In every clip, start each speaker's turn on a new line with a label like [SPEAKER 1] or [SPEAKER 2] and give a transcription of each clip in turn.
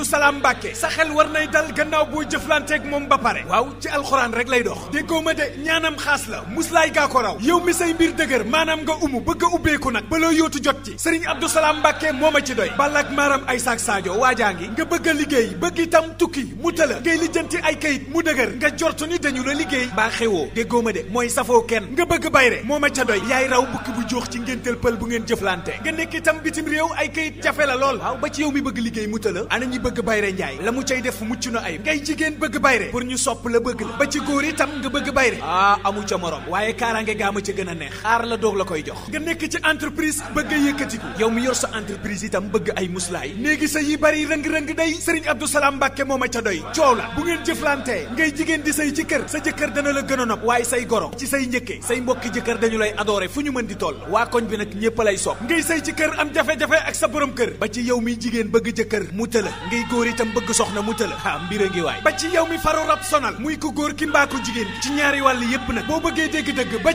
[SPEAKER 1] Abdou Salaam Mbàkke sa xel war nay dal gannaaw boo jëflanteeg moom ba pare waaw ci alxuraan rek lay dox déggoo ma de ñaanam xaas la muslaay gaa ko raw yow mi say mbir dëgër maanaam nga umu bëgg a ubbeeku nag ba loo yóotu jot ci sëriñ Abdou Salaam Mbàkke moo ma ci doy ballak maaram ay saak saajo waajaa ngi nga bëgg liggéey bëgg itam tukki mu tëla ngay lijjanti ay kayit mu dëgër nga jortu ni dañu la liggéey baa xewoo déggoo ma de mooy safoo kenn nga bëgg bayre moo ma ca doy yaay raw bukki bu ci ngénteel pël bu ngeen jëflante nga nekk itam bitim réew ay kayit jafe la lool waaw ba ci yow mi bëgg liggéey mu tëla ana ñi bëgg bayre njaay la mu cay def mucc na ayib ngay jigéen bëgg bayre pour ñu sopp la bëgg la ba ci góor itam nga bëgg bayre ah amu ca morom waaye kaaraange gaa ca gën a neex aar la doog la koy jox nga nekk ci entreprise bëgg a yëkkatiku yow mi yor sa entreprise itam bëgg ay muslaay néegi sa yi bari rëng-rëng day sëriñ Abdou Salam Mbàkke moo ma ca doy coow la bu ngeen jëflantee ngay jigéen di say ci kër sa jëkkër dana la gën a nopp waaye say goro ci say njëkkee say mbokki jëkkër dañu lay adoore fu ñu mën di toll waa koñ bi nag ñépp lay sopp ngay say ci kër am jafe ak sa borom kër ba ci yow mi jigéen bëgg jëkkër mu tëla yi góor itam bëgg soxna mu tëla ah mbir a ngi waay ba ci yow mi faru rab sonal muy ko góor ki mbaa ko jigéen ki ci ñaari wàll yépp nag boo bëggee dégg-dëgg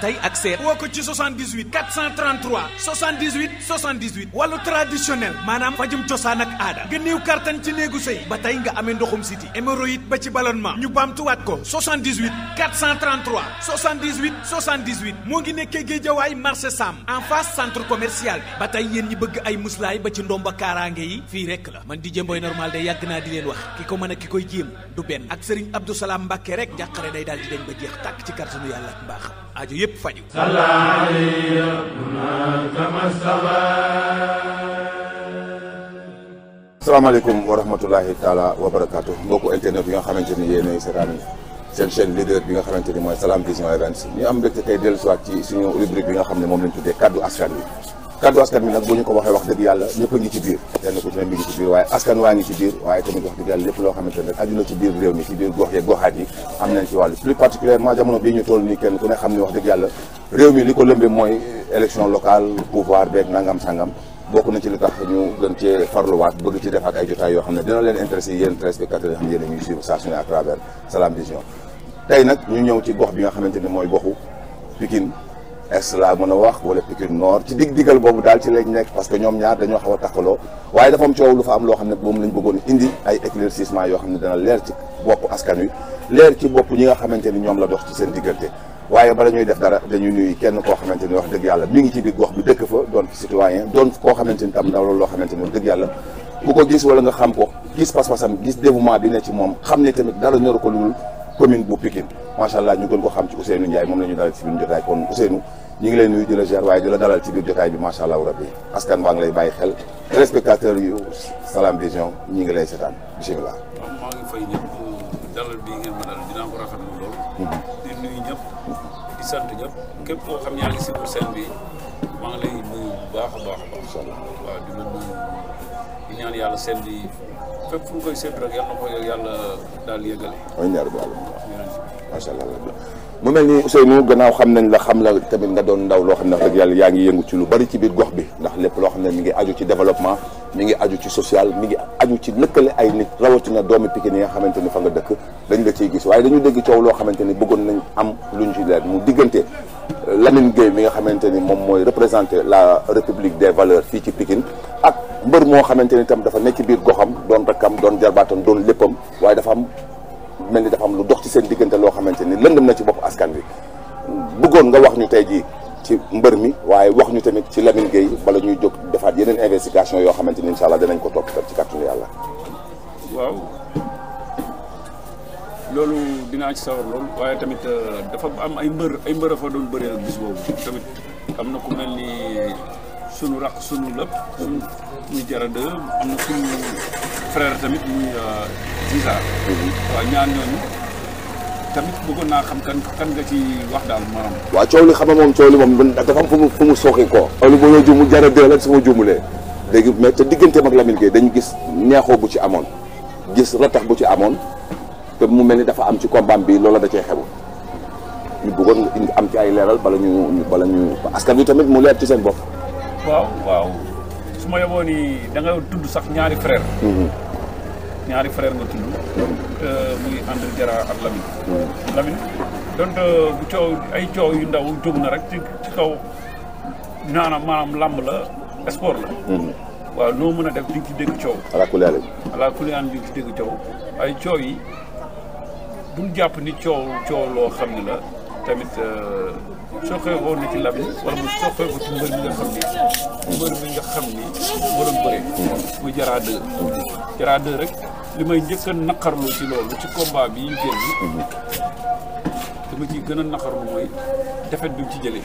[SPEAKER 1] tey ak seet woo ko ci 78 433 maanaam fajum cosaan ak aada gënniw kartan ci néegu sëy ba tey nga amee ndoxum siti hémorroïde ba ci ballonnement ñu baamtuwaat ko moo ngi nekkee Géejawaay marché Sam en face centre commercial ba tey yéen ñi bëgg ay muslaay ba ci ndomba kaaraange yi fii rek la man Dj Mboy normal de yàgg naa di leen wax ki ko mën a ki koy jéem du benn ak sëriñ Abdou Salaam Mbàkke rek njàqare day daal di dañ ba jeex tàkk ci kàttanu yàlla ak mbaaxam aajo yépp faju
[SPEAKER 2] asalaamaaleykum wa rahmatulahi taala wa barakaatu mbokku internet yi nga xamante ni yéenay seetaan seen chaîne leader bi nga xamante ni mooy Salam Vision Events ñu am mbégte tey dellusiwaat ci suñu rubrique bi nga xam ne moom lañ tuddee kàddu askan wi kaddu askan bi nag bu ñu ko waxee wax dëgg yàlla ñëpp a ngi ci biir waaye askan waa ngi ci biir waaye tamit wax dëgg yàlla lépp loo xamante ne aju na ci biir réew mi ci biir gox yeeg goxaat yi am nañ ci wàllu plus particulièrement jamono bii ñu toll nii kenn ku ne xam ne wax dëgg yàlla réew mi li ko lëmbee mooy élection locale pouvoir beeg nangam sangam bokk na ci li tax ñu gën cee farluwaat bëgg ci defaat ay jotaay yoo xam ne dina leen bi nga xamante ne mooy goxu Pikine est laa a wax wala Pikine Nord ci dig digal boobu daal ci lañ nekk parce que ñoom ñaar dañoo xaw a taxaloo waaye dafa am coow lu fa am loo xam ne moom lañ bëggoon ñi nga xamante ni ñoom la dox ci seen diggante waaye bala ñuy def dara dañuy nuyu kenn koo xamante ni wax dëgg yàlla mi ngi ci biir bi dëkk fa doon fi citoyen doon loo xamante ni wax dëgg ko gis wala nga xam ko gis pas-pasam gis dévouement bi ne moom xam ne tamit dara commune bu Pikine macha allah ñu gën ko xam ci Ousseynou Ndiaye moom la ñu dalal ci biir jotaay kon Ousseynou ñu ngi lay nuyu di la ziar waaye di la dalal ci biir jotaay bi macha allah rabbi ngi lay bàyyi xel téléspectateur yu Salam Vision ñi ngi lay seetaan bi ngeen
[SPEAKER 3] ma dalal dinaa ko mhm. bi maa baax a baax a baax. yàlla seen di fépp fu ñu yàlla na yëgale.
[SPEAKER 2] amiin yaa rabbal aalamiin mu mel ni Ousseynou gannaaw xam nañ la xam la tamit nga doon ndaw loo xam ne rek yàlla yaa ngi yëngu ci lu bari ci biir gox bi ndax lépp loo xam ne mi ngi aju ci développement mi ngi aju ci social mi ngi aju ci lëkkale ay nit rawatina doomi Pikine yi nga xamante ni fa nga dëkk dañ la ciy gis waaye dañu dégg coow loo xamante ni bëggoon nañ am lu ñu ci leer mu diggante euh, Lamine Gueye mi nga xamante ni moom mooy représenté la République des valeurs fii ci Pikine ak mbër moo xamante ni itam dafa nekk ci biir goxam doon rakkam doon jarbaatam doon léppam waaye dafa am mel ni dafa am lu dox ci seen diggante loo xamante ni lëndëm na ci bopp askan bi bëggoon nga wax ñu tey jii ci mbër mi waaye wax ñu tamit ci Lamine Gueye bala ñuy jóg defaat yeneen investigation yoo xamante ni incha allah danañ ko topp tam ci kàttanu yàlla.
[SPEAKER 3] waaw loolu dinaa ci sawar lool waaye tamit euh, dafa am ay mbër ay mbër a fa doon bëree bis boobu tamit am na ku mel ni. sunu rakk sunu lépp sunu muy jara de am na sunu frère tamit muy Zizaar. Euh, waaw ñaar ñooñu tamit bëggoon naa xam kan kan nga ci wax daal maanaam.
[SPEAKER 2] waaw coow li xam moom coow li moom dafa am fu mu fu mu sooxee koo. coow li boo mu jara de la su ma juumulee. léegi mais te Lamine dañu gis neexoo bu ci amoon gis ratax bu ci amoon te mu mel ni dafa am ci combat bi loola da cee xewu ñu bëggoon am ci ay leeral bala ñu bala ñu askan wi tamit mu leer ci seen bopp.
[SPEAKER 3] waaw waaw su ma yeboo ni da tudd sax ñaari frère mm-hmm. ñaari frère nga tudd mm-hmm. euh, muy ànd jara ak Lamine mm-hmm. Lamine donte euh, bu coow ay coow yu ndaw jóg na rek ci ci kaw naana maanaam làmb la sport la waaw noo mën a def di ci dégg coow alaakuliyaan alaakuliyaan di ci dégg coow ay coow yi duñ jàpp ni coow coow loo xam ni la tamit euh, sooxee woon ci làmb wala mu sooxee ko ci mbër mi nga xam ni mbër mi nga xam ni moo doon bëree muy Diarra 2 Diarra 2 rek li may njëkk a ci loolu ci combat bi ñu génn ma ciy gën a naqarlu mooy defet bi ci jëlee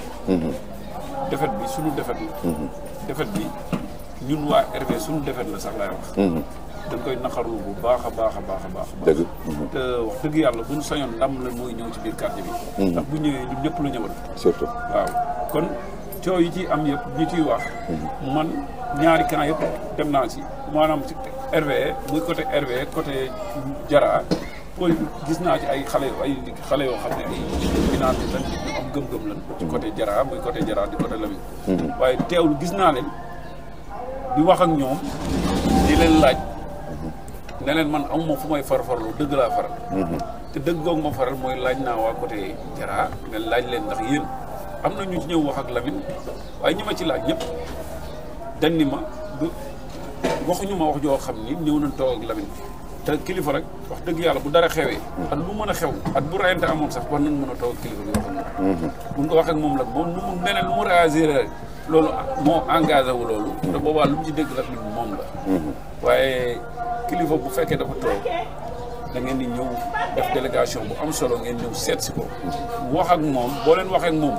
[SPEAKER 3] defet bi sunu defet la mm-hmm. defet bi ñun waa RV sunu defet la sax laay wax mm-hmm. dañ koy naqarlu bu baax a baax a baax a baax. dëgg mhm. te wax dëgg yàlla bu buñ sañoon ndam la mooy ñëw ci biir quartier bi. Mhm. ndax bu ñëwee ñun ñëpp la ñëwal. surtout waaw kon coow yi ci am yëpp ñi ciy wax. Mhm. man ñaari camp yëpp dem naa si maanaam ci RVE muy côté RVE côté Jara. pôle gis naa ci ay xale ay xale yoo xam ne ay finance lan am gëm-gëm lan. ci côté Jara muy côté Jara di côté Lamine. waaye teewlu gis naa leen di wax ñoom di leen laaj. ne man amuma fu may farfarlu dëgg laa faral. Mhm. te dëgg googu faral mooy laaj na waa côté Jara ne laaj leen ndax yéen am na ñu ci ñëw wax ak Lamine waaye ñi ma ci laaj ñëpp dañ ni ma du waxuñu ma wax joo xam ni ñëw nañ toog ak Lamine te kilifa rek wax dëgg yàlla bu dara xewee. Mhm. at lu mën a xew at bu rayante amoon sax war nañ mën a toog mhm. buñ ko wax ak moom nag moom nu mu lu mu réagir loolu moo engagé wu loolu. te boobaa lu mu ci dégg rek moom la. waaye. kilifa bu fekkee dafa toog da ngeen di ñëw def délégation bu am solo ngeen ñëw seet si ko. wax ak moom boo leen waxee ak moom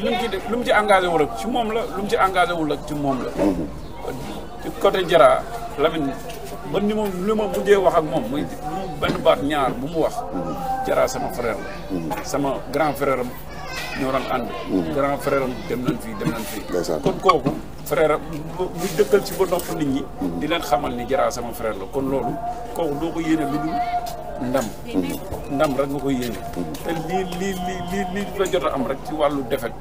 [SPEAKER 3] mu def lu mu ci engagé wul ak ci moom la lu mu ci engagé wul ak ci moom la. ci côté Jara Lamine man ni moom li ma mujjee wax ak moom muy benn baat ñaar bu mu wax. Jara sama frère la. sama grand frère am ñoo doon ànd. Mm. grand frère am dem nañ fii dem nañ fii. kon kooku. frère muy dëkkal ci ba nopp nit ñi. di leen xamal ni Jara sama frère la kon loolu kooku doo ko yéene lu dul ndam. ndam rek nga koy yéene. te lii lii lii lii lii la jot a am rek ci wàllu defet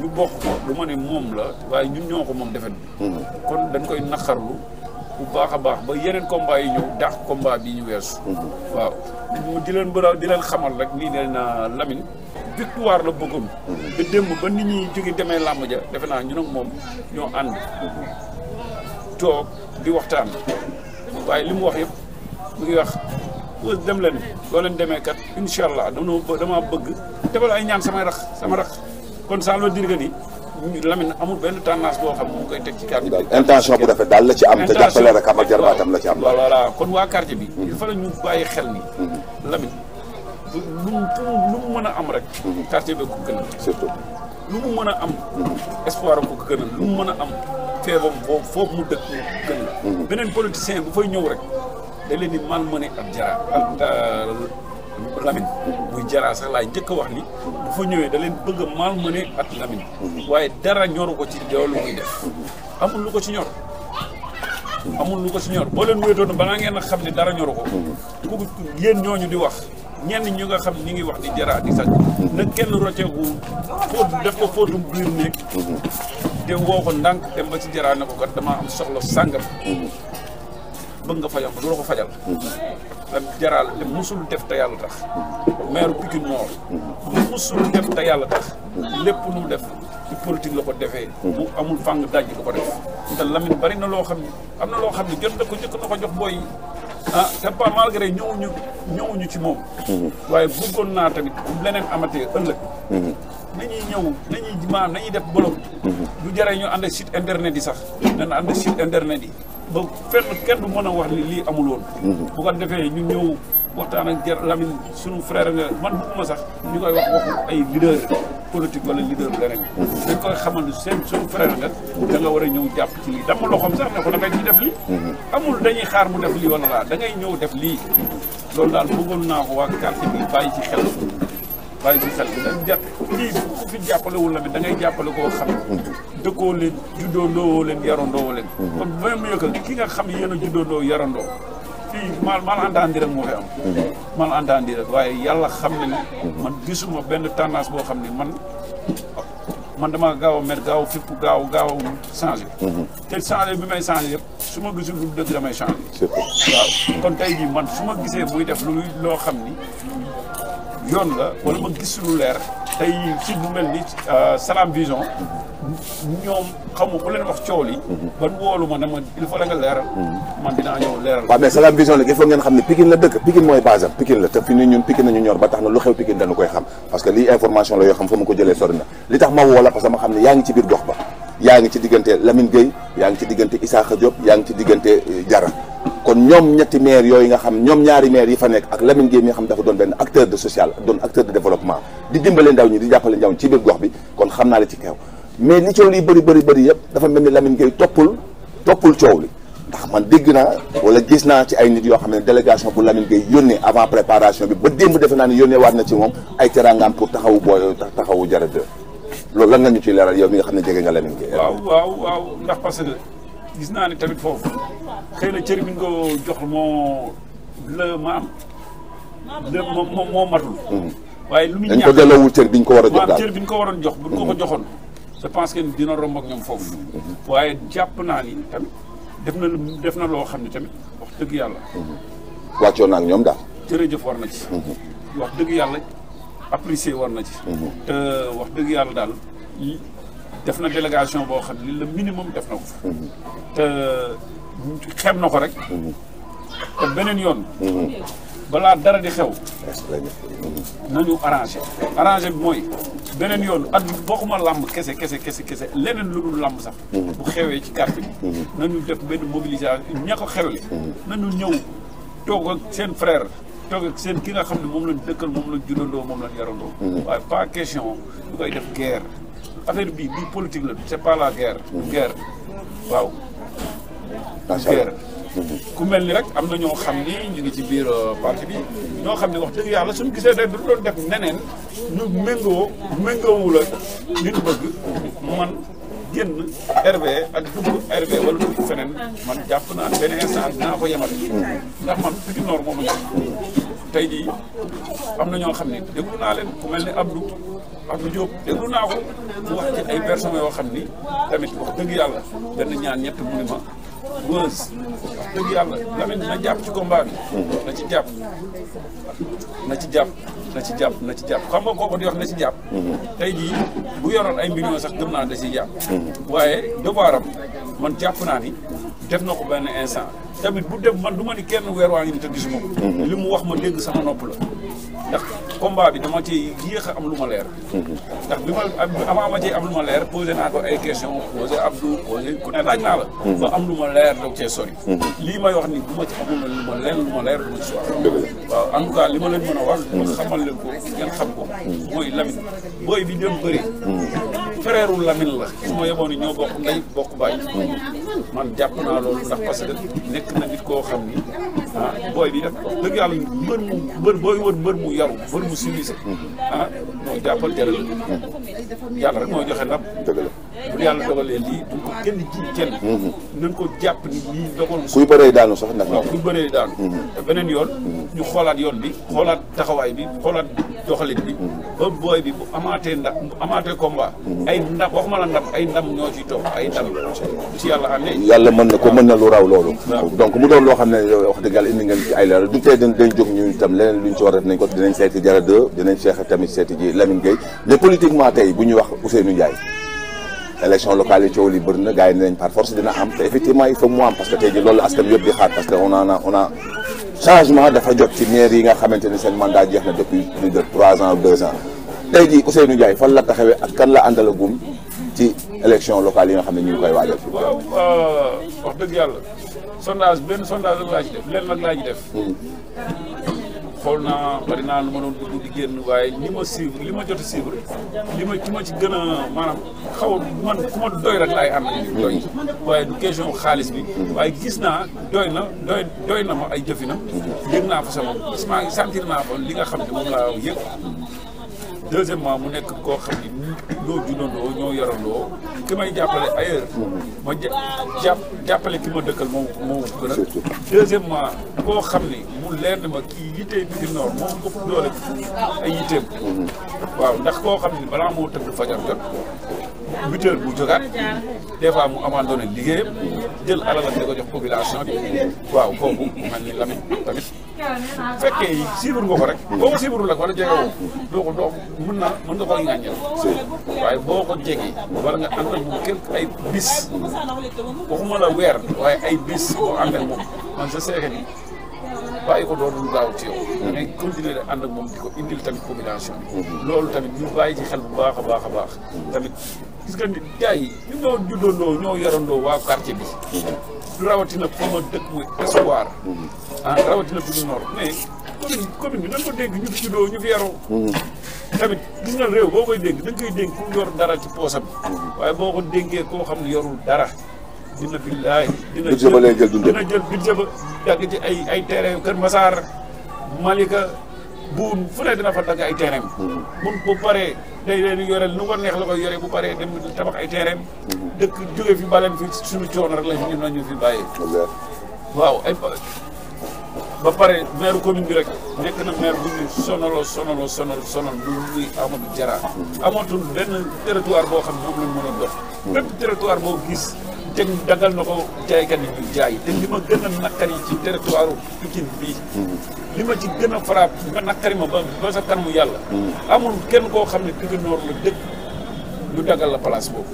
[SPEAKER 3] ñu bokk ko lu ma ne moom la waaye ñun ñoo ko moom defet bi. kon dañ koy naqarlu bu baax a baax ba yeneen combat yi ñëw daax combat bi ñu weesu. Mm-hmm. waaw di leen bëra di leen xamal rek nii nee na Lamine. victoire la bëggoon. te démb ba nit ñi jóge demee làmb ja defe naa ñu nag moom ñoo ànd. toog di waxtaan waaye li mu wax yëpp mu ngi wax pause dem leen doo leen demee kat incha allah dama bëgg defal ay ñaan samay rax sama rax kon ça veut dire que ni Lamine amul benn tendance boo xam mu koy teg ci quartier bi. intention
[SPEAKER 2] bu rafet daal la ci am. te jàppale rek am ak jarbaatam la ci am. voilà
[SPEAKER 3] kon waa quartier bi. il faut ñu bàyyi xel ni mhm. Lamine. lu mu mën a am rek. quartier bi ko gënal. surtout lu mu mën a am. espoir am ko gënal lu mu mën a am feebam foofu foofu mu dëkk gënal. beneen politicien bu fay ñëw rek da leen di malmené ak jara ak euh, Lamine. muy jara sax laay njëkk wax ni. bu fa ñëwee da leen bëgg a malmené ak Lamine. waaye dara ñoru ko ci loolu muy def. amul lu ko ci ñor. amul lu ko ci ñor boo leen wéetoon balaa ngeen a xam ne dara ñoru ko. ku yéen ñooñu di wax. ñenn ñi nga xam ñi ngi wax di jaraa di sàcc na kenn roceeku fóot def ko fóotu biir néeg te woo ko ndànk dem ba ci jaraa ne ko kat damaa am soxla sàngam bëgg nga fajal ko du la ko fajal la jaraal def te yàlla tax maire Pikine Nord def lépp lu mu def ci politique la ko defee bu amul fàng dajj du ko def te Lamine bari na loo xam ne am na loo xam ne jot na ko jëkk na ko jox booy ah te pas malgré ñëwuñu ñëwuñu ci moom. Mm-hmm. waaye bëggoon naa tamit bu leneen amatee ëllëg. Mm-hmm. nañuy ñëw nañuy maanaam nañuy def bolog. Mm-hmm. du jaree ñu ànd site internet yi sax. nañ ànd site internet yi. ba fenn kenn du mën a wax ni lii amul woon. defee ñu ñëw waxtaan ak Lamine sunu frère nga man bëgguma sax ñu koy wax waxu ay leader. politique wala leader leneen dañ koy xamal ne seen suñu frère nga da war a ñëw jàpp ci lii dama loxoom sax ne ko dangay ci def lii amul dañuy xaar mu def lii wala laa da ñëw def lii loolu daal bëggoon naa ko waa quartier bi bàyyi ci xel bàyyi ci xel bi dañ lii ku fi jàppalewul la bi da ngay jàppale koo xam dëkkoo leen juddoo ndoowoo leen yarandoo leen kon même yëkkal ki nga xam yéen a juddoo ndoo yarandoo fii mal malentendu rek moo fi am. malentendu rek waaye yàlla xam na ne. man gisuma benn tendance boo xam ne man man damaa gaaw a mer gaaw a gaaw gaaw a changé. te changé bi may changé yëpp su ma gisul lu dëgg damay changé. waaw kon tey jii man su ma gisee muy def lu loo xam ni yoon la wala ma gis lu leer. tey site bu mel ni euh, Salam Vision ñoom xamu bu leen wax coow li ban woolu ma ne ma il faut la nga leeral man dinaa ñëw leeral waaw mais Salam
[SPEAKER 2] Vision léegi il faut ngeen xam ne Pikine la dëkk Pikine mooy base am la te fi ni ñun Pikine nañu ñor ba tax na lu xew Pikine dañu koy xam parce que lii information la yoo xam fa mu ko jëlee sori li tax ma woo parce que ma xam ne yaa ngi ci biir gox ba yaa ngi ci diggante Lamine Gueye yaa ngi ci diggante Issakha kon ñoom ñetti maire yooyu nga xam ñoom ñaari maire yi fa nekk ak Lamine Gueye mi nga xam dafa doon benn acteur de social doon acteur de développement di dimbale ndaw ñi di jàppale ndaw ñi ci biir gox bi kon xam naa la ci xew mais li coow li bëri bëri bëri yëpp dafa mel ni Lamine Gueye toppul toppul coow li ndax man dégg naa wala gis naa ci ay nit yoo xam ne délégation bu Lamine Gueye yónnee avant préparation bi ba démb defe naa ne yónnee waat na ci moom ay teraangaam pour taxawu booy taxawu jara loolu lan nga ñu ciy leeral yow mi nga xam ne jege nga Lamine Gueye waaw
[SPEAKER 3] waaw waaw ndax que gis naa ne tamit foofu xëy na cër bi ñu ko jox moo la maam la moo moo matul. Mm-hmm. waaye lu muy ñaax dañ ko delloowul cër bi ñu ko war a jox daal cër ko waroon jox bu ñu ko mm-hmm. joxoon. je pense que dina romb ak ñoom foofu. Mm-hmm. waaye jàpp naa ni tamit def na def na loo xam ne tamit wax dëgg yàlla.
[SPEAKER 2] wàccoon naa ak ñoom daal.
[SPEAKER 3] jërëjëf war na ci. wax dëgg yàlla apprécier war na ci. wax dëgg yàlla daal. def na délégation boo xam ni le minimum def na ko fa. te mhm. euh, na ko rek. Mhm. beneen yoon. Mhm. balaa dara di xew. nañu arranger arranger mooy beneen yoon at bokkuma làmb kese kese kese kese leneen lu dul làmb sax. bu xewee ci carte bi. nañu def benn mobilisation ña ko xewle. nañu ñëw toog ak seen frère. toog ak seen ki nga xam ne moom lañu dëkkal moom lañ juddandoo moom lañ yarandoo. waaye pas question du koy def guerre. affaire bi bii politique la c'est pas la guerre. guerre waaw. guerre ku mel ni rek am na ñoo xam ni ñu ngi ci biir euh, parti bi ñoo xam ne wax dëgg yàlla suñu gisee day du doon def neneen ñu méngoo méngoowu la li bëgg man génn RV ak dugg RV wala dugg feneen man jàpp naa ne benn instant dinaa ko yemal ndax man Pikine Nord moomu ñor tey jii am na ñoo xam ne déglu naa leen ku mel ni Abdou. Abdou Diop déglu naa ko mu wax ci ay personnes yoo xam ni tamit wax dëgg yàlla benn ñaan ñett mu ne ma Weuz wax dëgg yàlla Lamine na jàpp ci combat bi. na ci jàpp na ci jàpp na ci jàpp na ci jàpp xam nga di wax na ci jàpp. tey jii bu yoroon ay millions sax gëm naa da ciy jàpp. waaye devoiram man jàpp naa ni def na ko benn instant. tamit bu dem man du ma ni kenn weer waa ngi ni te gisuma ko. li mu wax ma dégg sama nopp la. ndax combat bi dama ci yéex am lu ma leer. ndax bi ma avant ma ci am lu ma leer posé naa ko ay question posé Abdou posé ku ne laaj naa la. ba am lu ma leer doog cee sori. lii may wax ni bu ma ci amul lu ma leer lu ma leer lu ma ci wax. waaw en tout cas li ma leen mën a wax. ma xamal leen ko ngeen xam ko. mooy Lamine booy bi dem bëri. frère Lamine la. su ma yeboon ñoo bokk ndey bokk baay. man jàpp naa loolu ndax parce que nekk na nit koo xam ni ah booy bi def dëgg mu yaru bëri mu civilisé mmh. ah non jàppal teral yàlla rek mooy joxe ndam dëgg la bu yàlla dogalee lii bu ko kenn mhm. ko jàpp ni lii dogal. kuy bëree
[SPEAKER 2] daanu sax ndax. waaw kuy
[SPEAKER 3] bëree daanu. Mhm. te beneen yoon. ñu xoolaat yoon bi xoolaat taxawaay bi xoolaat bi. Mhm. ba bi bu amaatee ndax bu amaatee combat. ay ndam waxuma la ndam ay ndam ñoo ci toog ay ndam. ci yàlla amee. yàlla mën na ko mën na lu raw
[SPEAKER 2] loolu. donc mu doon loo xam ne euh, wax dëgg yàlla indi ngeen ci ay leeral du tey dañ jóg ñu itam leneen luñ ci war nañ ko dinañ seeti Diarra 2 dinañ seex tamit seeti ji Lamine Gueye mais politiquement tey bu ñuy wax Ousseynou Ndiaye élection locale yi coow li bëri na gars yi ne nañ par force dina am te effectivement il faut mu parce que tey jii loolu askan yëpp di xaar parce que on changement dafa jot ci maire yi nga xamante ni seen mandat jeex na depuis plus de trois ans ou deux ans tey jii Ousseynou Ndiaye fan la taxewe ak kan la àndal a gum ci élection locale yi nga xam ne ñu ngi koy waajal.
[SPEAKER 3] waaw wax dëgg yàlla sondage benn sondage rek laa ci def lenn nag laa ci def. Hmm. xool naa bari naa lu ma doon dugg di génn waaye ñi ma suivre li ma jot a suivre li ma ci ma ci gën a xaw man ku ma doy rek laay ànd doy waaye du xaalis bi mm-hmm. waaye gis naa doy na doy doy na ma ay jëfinam mm-hmm. yëg naa fa sama parce que maa fa li nga xam ne moom laa yëg mm-hmm. deuxièmement mu nekk koo xam ni ñoo juddandoo ñoo yarandoo ki may jàppale ailleurs. ma jà jàppale ki ma dëkkal moom moo gën a. deuxièmement koo xam ni mu leer na ma kii yittee Pikine Nord moom ëpp doole ay yitteem. waaw ndax koo xam ni balaa moo tëdd fajar jot huit heures bu jógaat des fois mu abandonné liggéeyam. jël alalam di ko jox population bi waaw kooku man ni Lamine tamit fekkee yi siibur nga ko rek boo ko siiburul ak wala jege woo doo ko doo mën naa mën nga koo ŋàññal waaye boo ko jege wala nga ànd ak moom quelque ay bis waxuma la weer waaye ay bis boo ànd moom man sa seeke ni bàyyi ko doonul gaaw ci yow mais continuer de ànd ak moom di ko indil tamit population bi mm-hmm. loolu tamit ñu bàyyi ci xel bu baax a baax a baax tamit gis nga nit gars yi ñun ñoo waa quartier bi. Mm-hmm. rawatina fa ma dëkk muy espoir. Mm-hmm. ah rawatina fi mu nord mais commune commune bi nan ko dégg ñu fi juddoo ñu fi yaroo. Mm-hmm. tamit gis nga réew boo koy dénk da koy dénk ku yor dara ci poosam. waaye boo ko dénkee koo xam ne yorul dara. dina billaahi dina jël dina jël budget ba ci ay ay terrain Kër Massar Malika. bu fu ne dina fa dagg ay terrain mun bu paree day leen yoreel nu nga neex la koy yoree bu paree dem tabax ay terrain dëkk jóge fi baleen fi suñu coono rek la fi ñun nañu fi bàyyee waaw ay ba pare maire commune bi rek nekk na maire bu ñu sonaloo sonaloo sonal sonal lu muy Amadou Diarra amatul benn territoire boo xam ne moom lañ mën a dox bépp territoire boo gis te dangal na ko jaaykat yi du jaay te li ma gën a nakkari ci territoire Pikine bii li ma ci gën a frapp ba nakkari ma ba ba sa kanamu yàlla amul kenn koo xam ne Pikine Nord la dëkk ñu daggal la place boobu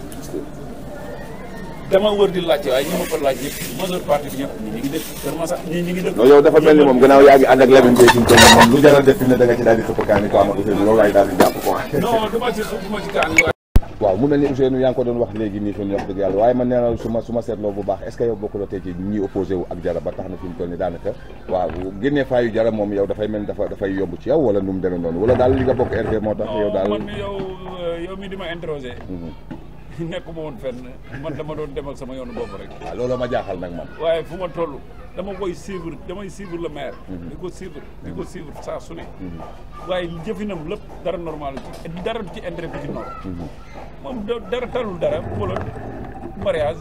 [SPEAKER 3] dama wër di laajte waaye ñi ma ko laaj yëpp majeure partie ñu ngi def kër Massa ñi dafa mel ni
[SPEAKER 2] moom gannaaw yaa ngi ànd ak Lamine Gueye suñu moom lu jaral def fi ne da nga ci daal di xëpp kaani ko am ak loolu laay daal di jàpp quoi
[SPEAKER 3] non dama ci xëpp
[SPEAKER 2] waaw mu mel ni Ousseynou yaa ngi ko doon wax léegi nii kon wax dëgg yàlla waaye man nee na su ma su ma seetloo bu baax est ce que yow bokkuloo tey ci ñi opposé wu ak jara ba tax na fi mu toll nii daanaka waaw génnee faayu daal li nga bokk RV moo tax yow daal man
[SPEAKER 3] euh, mi di ma interrogé mhm. nekkuma woon fenn man dama doon dem ak sama yoonu bopp rek
[SPEAKER 2] waaw ah, looloo ma jaaxal nag man
[SPEAKER 3] waaye fu ma toll dama koy suivre damay suivre le maire. Mhm. di ko suivre di ko mhm. suivre saa su mhm. waaye jëfinam lépp dara normal ci dara ci intérêt bi ci noor. moom dara talul dara wala mariage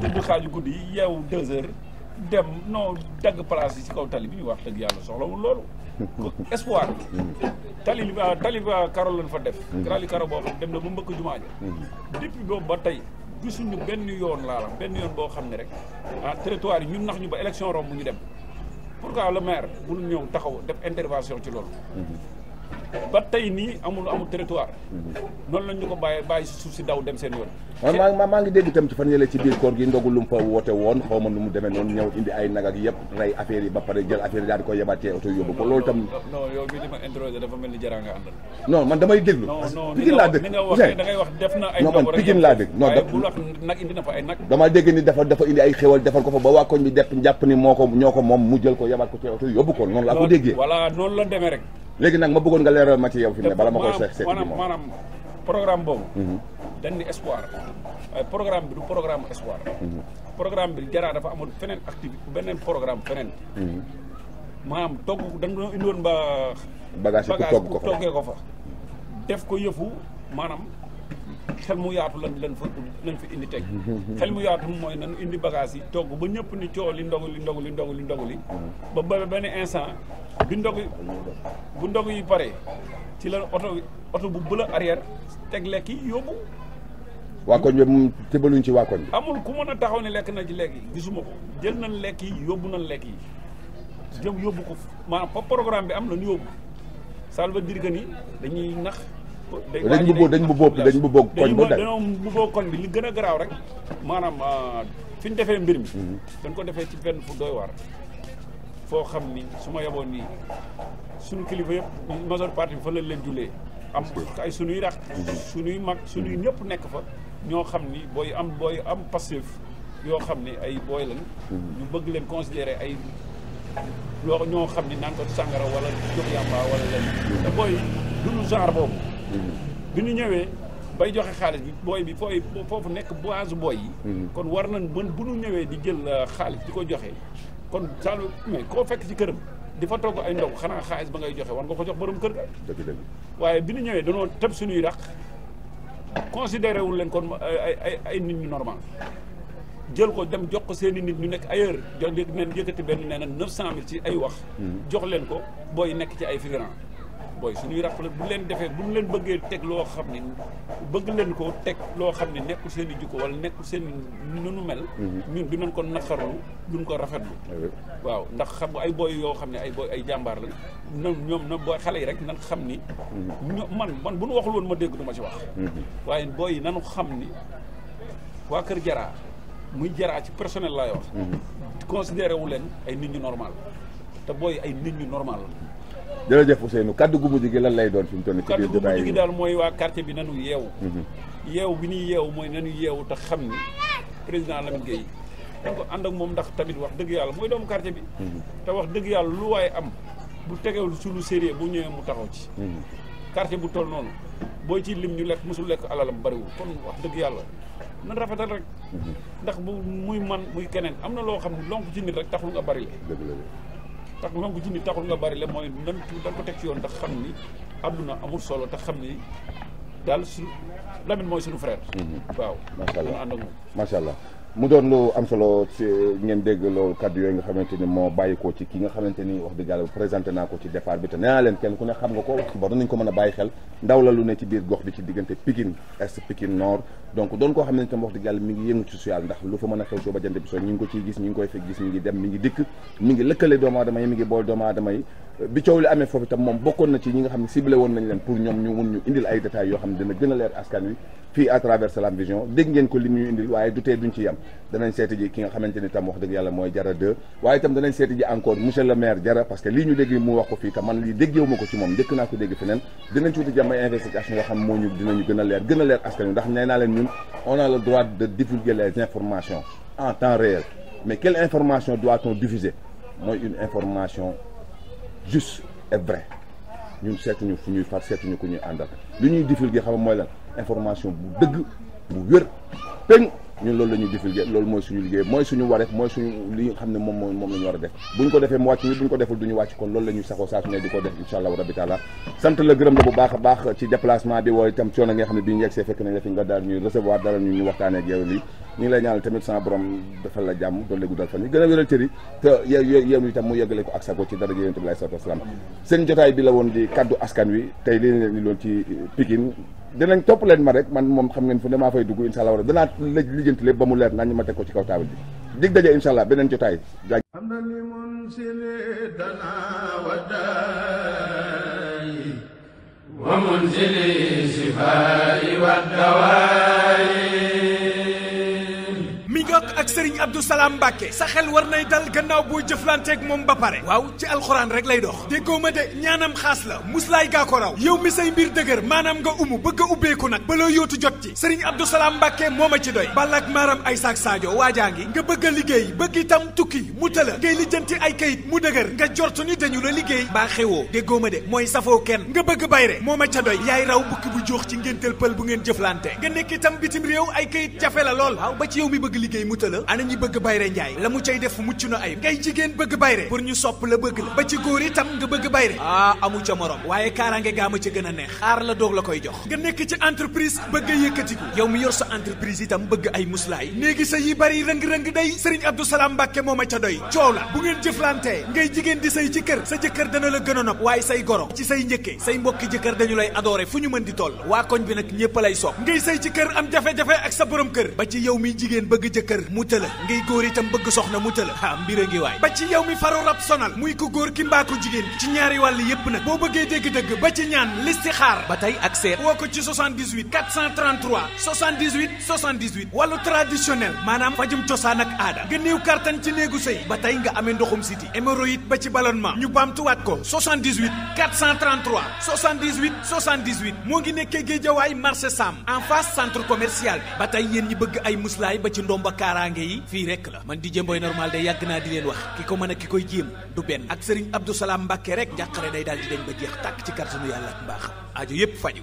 [SPEAKER 3] tëdd xaaju guddi yi yeewu deux heures dem non dagg place yi ci kaw tali bi ñu wax dëgg yàlla soxlawul loolu. espoir. tali li ah, tali ba ah, karo lañ fa def. karaali karo boobu dem na ba mbëkk jumaa ja depuis boobu ba tey. gisuñu benn yoon laa benn yoon boo xam ne rek ah territoire yi ñu nax ñu ba élection romb ñu dem pourquoi le maire mënul ñëw taxaw def intervention ci loolu. Mhm. ba tey nii amul amul territoire. noonu lañ ñu ko bàyyi bàyyi si si daw dem seen yoon.
[SPEAKER 2] waaw maa maa ngi dégg itam ci fan yële ci biir koor gi ndogu lu mu fa woote woon xaw ma nu mu ko yebaatee oto yóbbu ko loolu tam.
[SPEAKER 3] non yow dafa nga àndal.
[SPEAKER 2] non man na
[SPEAKER 3] ay. non laa dëkk non ay nag.
[SPEAKER 2] dama dégg ni dafa dafa indi ay xéwal defal ko fa ba waa koñ bi depp jàpp ni moo ko ñoo ko moom mu jël ko yebaat ko ci oto yóbbu ko noonu laa ko déggee.
[SPEAKER 3] demee rek léegi nag
[SPEAKER 2] ma bëggoon nga leeral ma ci yow fi mu ne bala ma koy seet seet maanaam maanaam programme boobu mhm.
[SPEAKER 3] dañ ni espoir waaye euh, programme bi du programme espoir mhm. programme bi jaraa dafa amoon feneen activité beneen programme feneen mhm. maanaam togg dañ doon indiwoon ba bagage ku toggee ko fa def ko yëfu maanaam xel mu yaatu lan lan fa lan indi teg xel mu yaatu mooy nan indi bagage yi togg ba ñëpp ni coow li ndogu li ndogu li ndogu li ndogu li ba ba benn instant bi ndog bu ndog yi pare ci la oto oto bu bëla arrière teg lekk yi yóbbu
[SPEAKER 2] waa koñ bi moom tëbaluñ ci waa koñ bi
[SPEAKER 3] amul ku mën a taxaw ne lekk na ci lekk yi gisuma ko jël nañ lekk yi yóbbu nañ lekk yi jëm yóbbu ko maanaam programme bi am na ñu yóbbu ça veut dire ni dañuy nax dañ bu boob dañ bu boob dañ bu boog koñ ba dañoo bu bi li gën a garaaw rek maanaam euh, fi ñu defee mbir mi mm-hmm. dañ ko defee ci benn fu doy waar foo xam ni su ma yaboon nii suñu kilifa yëpp majeure partie bi fa lañ leen jullee am ay suñuy rax mm-hmm. suñuy mag suñuy mm-hmm. ñëpp nekk fa ñoo xam ni booy am booy am passif yoo xam ni ay booy lañ ñu bëgg leen considérer ay loo ñoo xam ni naan ko sàngara wala jóg yàmba wala leen te booy duñu genre boobu bi ñu ñëwee bay joxe xaalis bi booy bi foo foofu nekk boise booy yi. Mhm. kon war nañ mën bu nu ñëwee di jël euh, xaalis di ko joxe kon saalu mais koo fekk ci këram. di fa togg ay ndog xanaa xaalis ba ngay joxe war nga ko jox borom kër ga. dëgg waaye bi ñu ñëwee danoo tëb suñuy raq considéré wul leen kon ay ay ay nit ñu normal jël ko dem jox ko seen i nit ñu nekk ailleurs jox leen yëkkati benn nee na 900000 ci ay wax. Mhm. jox leen ko booy nekk ci ay figurant. booy suñuy ràpp la bu leen defee bu ñu leen bëggee teg loo xam ne bëgg leen ko teg loo xam ne nekkul seen i jikko wala nekkul seen i nu nu mel. Mhm. ñun du nañ ko naqarlu duñ ko rafetlu. Ah waaw ndax xam ay booy yoo xam ne ay booy ay jàmbaar la ñoom ñoom na booy xale yi rek nan xam ni. Mhm. man man bu nu waxul woon ma dégg du ma ci wax. Mhm. waaye booy yi nanu xam ni waa Kër Jaraa muy Jaraa ci personnel laay wax. considéré wu leen ay nit ñu normal te booy ay nit ñu normal
[SPEAKER 2] jërëjëf Ousseynou kaddu gu mujj gi lan lay doon fi mu toll nii ci biir jotaay yi kaddu gu mujj gi
[SPEAKER 3] daal mooy waa quartier bi nanu yeewu mhm. yeewu bi ñuy yeewu mooy nanu yeewu te xam ni président Lamine Gueye dañ ko ànd ak moom ndax tamit wax dëgg yàlla mooy doomu quartier bi mhm. te wax dëgg yàlla lu waaye am bu tegewul su lu bu ñëwee mu taxaw ci mhm. quartier bu toll noonu booy ci lim ñu lekk mosul lekk alalam bariwul kon wax dëgg yàlla nan rafetal rek ndax bu muy man muy keneen am na loo xam ne lonk ci nit rek taxul nga bari la tax lonku junni taxul nga bari la mooy nan tu dal ko teg ci yoon ndax xam ni àdduna amul solo te xam ni daal su Lamine mooy suñu frère. Mm-hmm. waaw. macha allah ànd moom
[SPEAKER 2] macha allah. mu doon lu am solo ci ngeen dégg loolu kaddu yooyu nga xamante ni moo bàyyi ko ci ki nga xamante ni wax dëgg yàlla présenté naa ko ci départ bi te nee leen kenn ku ne xam nga ko wax ba nañ ko mën a bàyyi xel ndaw la lu ne ci biir gox bi ci diggante Pikine Est Pikine Nord donc doon a xew soo ba jant bi so na ci ne ciblé woon nañ leen pour ñoom ñu mun ñu indil ay détails yoo xam ne dina gën a leer askan wi fii à travers Salam Vision dégg ngeen ko li ñu indil waaye du tee duñ ci yem danañ seeti ji ki nga xamante ni tam wax dëgg yàlla mooy jara 2 waaye itam danañ seeti ji encore monsieur le maire jara parce que lii ñu dégg mu wax ko fii tam man lii déggeewu ma ko ci moom njëkk naa ko dégg feneen dinañ ci wuti jàmm ay xam moo ñu dinañu gën leer gën leer askan wi ndax nee naa leen ñun on a droit de divulguer les informations en temps réel mais quelle information doit-on diffuser mooy une information juste et vraie seetuñu fu ñuy far seetuñu ku ñuy àndal li ñuy diffuser xam mooy lan information bu dëgg bu péng ñun loolu la ñuy divulguer loolu mooy suñu liggéey mooy suñu wareef mooy suñu li xam ne moom moo moom la ñu war a def buñ ko defee mu wàcc ñu buñ ko deful duñu wàcc kon loolu la ñuy saxoo saa su ne di ko def incha allahu rabi ñu recevoir dara ñu ñu waxtaanee ak yow ñu lay ñaanal tamit sama borom defal la jàmm doon la guddal fan yi gën a wéral cër yi te yow itam mu yeggale ko ak sago ci daraja yonent bi sallallahu alayhi wasallam seen jotaay bi la woon di kaddu dinañ topp leen ma rek man moom xam ngeen fu ne maa fay dugg incha allah war a danaa lëj ba mu leer naa ñu ma teg ko ci kaw taabal bi dig daje incha allah beneen jotaay jaaj
[SPEAKER 1] wa munzili shifaa'i wa dawaa Serigne Abdou Salam Mbacke sa xel war nay dal gannaaw boo jëflanteeg moom ba pare waaw ci alxuraan rek lay dox déggoo ma de ñaanam xaas la muslaay gaa ko raw yow mi say mbir dëgër maanaam nga umu bëgg a ubbeeku nag baloo yootu jot ci Serigne Abdou Salam Mbacke moo ma ci doy ballak maaram ay saak saajo waajaa ngi nga bëgg liggéey bëgg itam tukki mu tëla ngay lijjanti ay kayit mu dëgër nga jortu ni dañu la liggéey baa xewoo déggoo ma de mooy safoo kenn nga bëgg bayre moo ma ca doy yaay raw bukki bu joox ci ngénteel pël bu ngeen jëflante nga nekk itam bitim réew ay kayit jafe la lool waaw ba ci yow mi bëgg liggéey mu tëla xoolal ana ñi bëgg bayre njaay la mu cay def mucc na ayib ngay jigéen bëgg bayre pour ñu sopp la bëgg la ba ci góor itam nga bëgg bayre ah, amu ca morom waaye kaaraange gaama ca gën a neex aar la doog la koy jox nga nekk ci entreprise bëgg a yëkkatiku yow mi yor sa entreprise itam bëgg ay muslaay néegi sa yi bari rëng-rëng day sëriñ Abdou Salam Mbàkke moo ma ca doy coow la bu ngeen jëflantee ngay jigéen di say ci kër sa jëkkër dana la gën a nopp waaye say goro ci say njëkkee say mbokki jëkkër dañu lay adoré fu ñu mën di toll waa koñ bi nag ñépp lay sopp ngay say ci kër am jafe ak sa borom kër ci yow mi jigéen bëgg jëkkër mu tëla ngay góor itam bëgg soxna mu tëla ah mbir a ngi waay ba ci yow mi faru rab sonal muy ko góor ki mbaa ko jigéen ci ñaari wàll yépp nag boo bëggee dégg-dëgg ba ci ñaan listixaar ba tey ak seet woo ko ci 78 433 78 78 maanaam fajum cosaan ak aada nga néew kartan ci néegu sëy ba tey nga amee ndoxum siti hémorroïde ba ci ballonnement ñu baamtuwaat ko 78 433 78 78 moo ngi nekkee géejawaay marché Sam en face centre commercial bi ba tey yéen ñi bëgg ay muslaay ba ci ndomba kaaraange mbakke yi fii rek la man Dj Mboy normal day yàgg naa di leen wax ki ko mën a ki koy jéem du benn ak sëriñ Abdou Salam Mbakke rek njàqare day daal di dañ ba jeex tàkk ci kàttanu yàlla ak mbaaxam aajo yépp faju